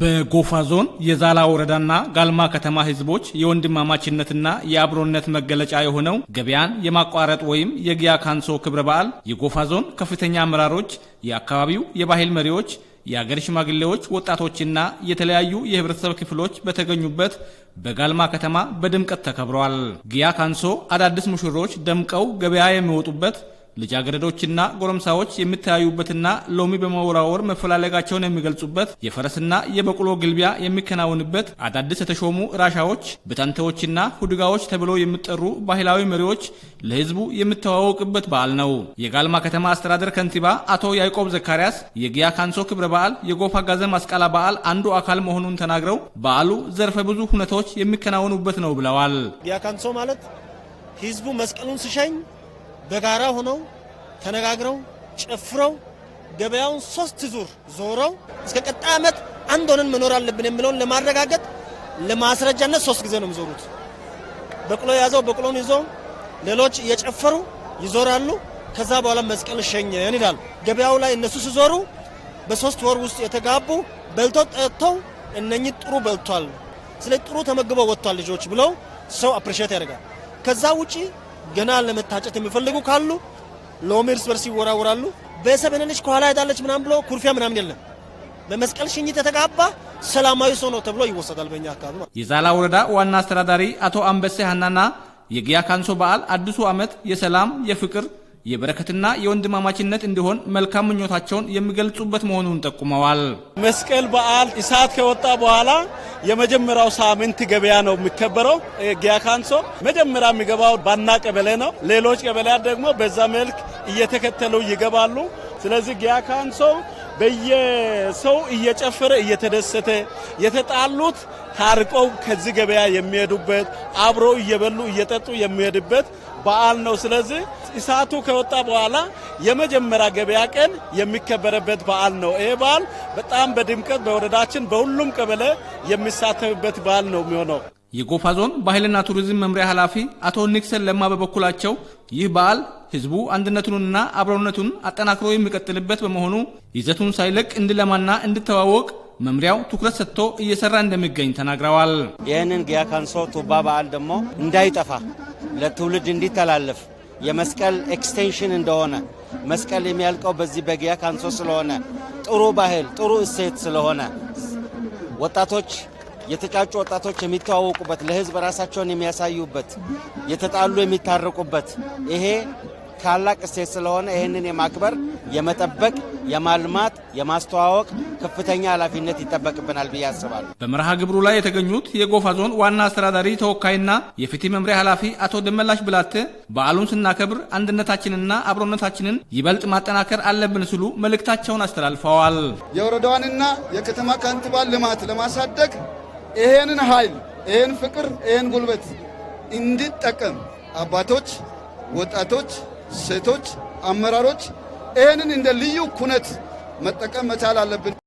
በጎፋ ዞን የዛላ ወረዳና ጋልማ ከተማ ህዝቦች የወንድማማችነትና የአብሮነት መገለጫ የሆነው ገበያን የማቋረጥ ወይም የጊያ ካንሶ ክብረ በዓል የጎፋ ዞን ከፍተኛ አመራሮች፣ የአካባቢው የባህል መሪዎች፣ የአገር ሽማግሌዎች፣ ወጣቶችና የተለያዩ የህብረተሰብ ክፍሎች በተገኙበት በጋልማ ከተማ በድምቀት ተከብረዋል። ጊያ ካንሶ አዳዲስ ሙሽሮች ደምቀው ገበያ የሚወጡበት ልጃገረዶችና ጎረምሳዎች የሚተያዩበትና ሎሚ በመወራወር መፈላለጋቸውን የሚገልጹበት የፈረስና የበቅሎ ግልቢያ የሚከናወንበት አዳዲስ የተሾሙ ራሻዎች፣ ብታንተዎችና ሁድጋዎች ተብለው የሚጠሩ ባህላዊ መሪዎች ለህዝቡ የሚተዋወቅበት በዓል ነው። የጋልማ ከተማ አስተዳደር ከንቲባ አቶ ያዕቆብ ዘካርያስ የጊያ ካንሶ ክብረ በዓል የጎፋ ጋዘን ማስቃላ በዓል አንዱ አካል መሆኑን ተናግረው በዓሉ ዘርፈ ብዙ ሁነቶች የሚከናወኑበት ነው ብለዋል። ጊያ ካንሶ ማለት ህዝቡ መስቀሉን ሲሸኝ በጋራ ሆነው ተነጋግረው ጨፍረው ገበያውን ሶስት ዙር ዞረው እስከ ቀጣይ ዓመት አንድ ሆነን መኖር አለብን የሚለውን ለማረጋገጥ ለማስረጃነት ሶስት ጊዜ ነው የሚዞሩት። በቅሎ የያዘው በቅሎን ይዞ ሌሎች እየጨፈሩ ይዞራሉ። ከዛ በኋላ መስቀል ሸኘን ይላሉ። ገበያው ላይ እነሱ ሲዞሩ በሶስት ወር ውስጥ የተጋቡ በልቶ ጠጥተው እነኚህ ጥሩ በልቷል፣ ስለ ጥሩ ተመግበው ወጥቷል ልጆች ብለው ሰው አፕሪሼት ያደርጋል። ከዛ ውጪ ገና ለመታጨት የሚፈልጉ ካሉ ሎም እርስ በርስ ይወራወራሉ። በሰበነነች ከኋላ ሄዳለች ምናምን ብሎ ኩርፊያ ምናምን የለም። በመስቀል ሽኝት የተጋባ ሰላማዊ ሰው ነው ተብሎ ይወሰዳል። በእኛ አካባቢ የዛላ ወረዳ ዋና አስተዳዳሪ አቶ አንበሴ ሀናና የግያ ካንሶ በዓል አዲሱ ዓመት የሰላም የፍቅር የበረከትና የወንድማማችነት እንዲሆን መልካም ምኞታቸውን የሚገልጹበት መሆኑን ጠቁመዋል። መስቀል በዓል እሳት ከወጣ በኋላ የመጀመሪያው ሳምንት ገበያ ነው የሚከበረው። ጊያ ካንሶ መጀመሪያ የሚገባው ባና ቀበሌ ነው። ሌሎች ቀበሌያት ደግሞ በዛ መልክ እየተከተሉ ይገባሉ። ስለዚህ ጊያ ካንሶ በየሰው እየጨፈረ እየተደሰተ የተጣሉት ታርቀው ከዚህ ገበያ የሚሄዱበት አብረው እየበሉ እየጠጡ የሚሄድበት በዓል ነው። ስለዚህ እሳቱ ከወጣ በኋላ የመጀመሪያ ገበያ ቀን የሚከበረበት በዓል ነው። ይሄ በዓል በጣም በድምቀት በወረዳችን በሁሉም ቀበሌ የሚሳተፍበት በዓል ነው የሚሆነው። የጎፋ ዞን ባህልና ቱሪዝም መምሪያ ኃላፊ አቶ ኒክሰን ለማ በበኩላቸው ይህ በዓል ህዝቡ አንድነቱንና አብሮነቱን አጠናክሮ የሚቀጥልበት በመሆኑ ይዘቱን ሳይለቅ እንዲለማና እንዲተዋወቅ መምሪያው ትኩረት ሰጥቶ እየሰራ እንደሚገኝ ተናግረዋል። ይህንን ጊያካንሶ ቱባ በዓል ደግሞ እንዳይጠፋ ለትውልድ እንዲተላለፍ የመስቀል ኤክስቴንሽን እንደሆነ መስቀል የሚያልቀው በዚህ በጊያ ካንሶ ስለሆነ ጥሩ ባህል ጥሩ እሴት ስለሆነ ወጣቶች የተጫጩ ወጣቶች የሚተዋወቁበት፣ ለህዝብ ራሳቸውን የሚያሳዩበት፣ የተጣሉ የሚታረቁበት ይሄ ታላቅ እሴት ስለሆነ ይህንን የማክበር የመጠበቅ የማልማት የማስተዋወቅ ከፍተኛ ኃላፊነት ይጠበቅብናል ብዬ አስባለሁ። በመርሃ ግብሩ ላይ የተገኙት የጎፋ ዞን ዋና አስተዳዳሪ ተወካይና የፍትህ መምሪያ ኃላፊ አቶ ደመላሽ ብላት በዓሉን ስናከብር አንድነታችንና አብሮነታችንን ይበልጥ ማጠናከር አለብን ሲሉ መልእክታቸውን አስተላልፈዋል። የወረዳዋንና የከተማ ከንቲባን ልማት ለማሳደግ ይሄንን ኃይል ይሄን ፍቅር ይሄን ጉልበት እንዲጠቀም አባቶች፣ ወጣቶች፣ ሴቶች፣ አመራሮች ይሄንን እንደ ልዩ ኩነት መጠቀም መቻል አለብን።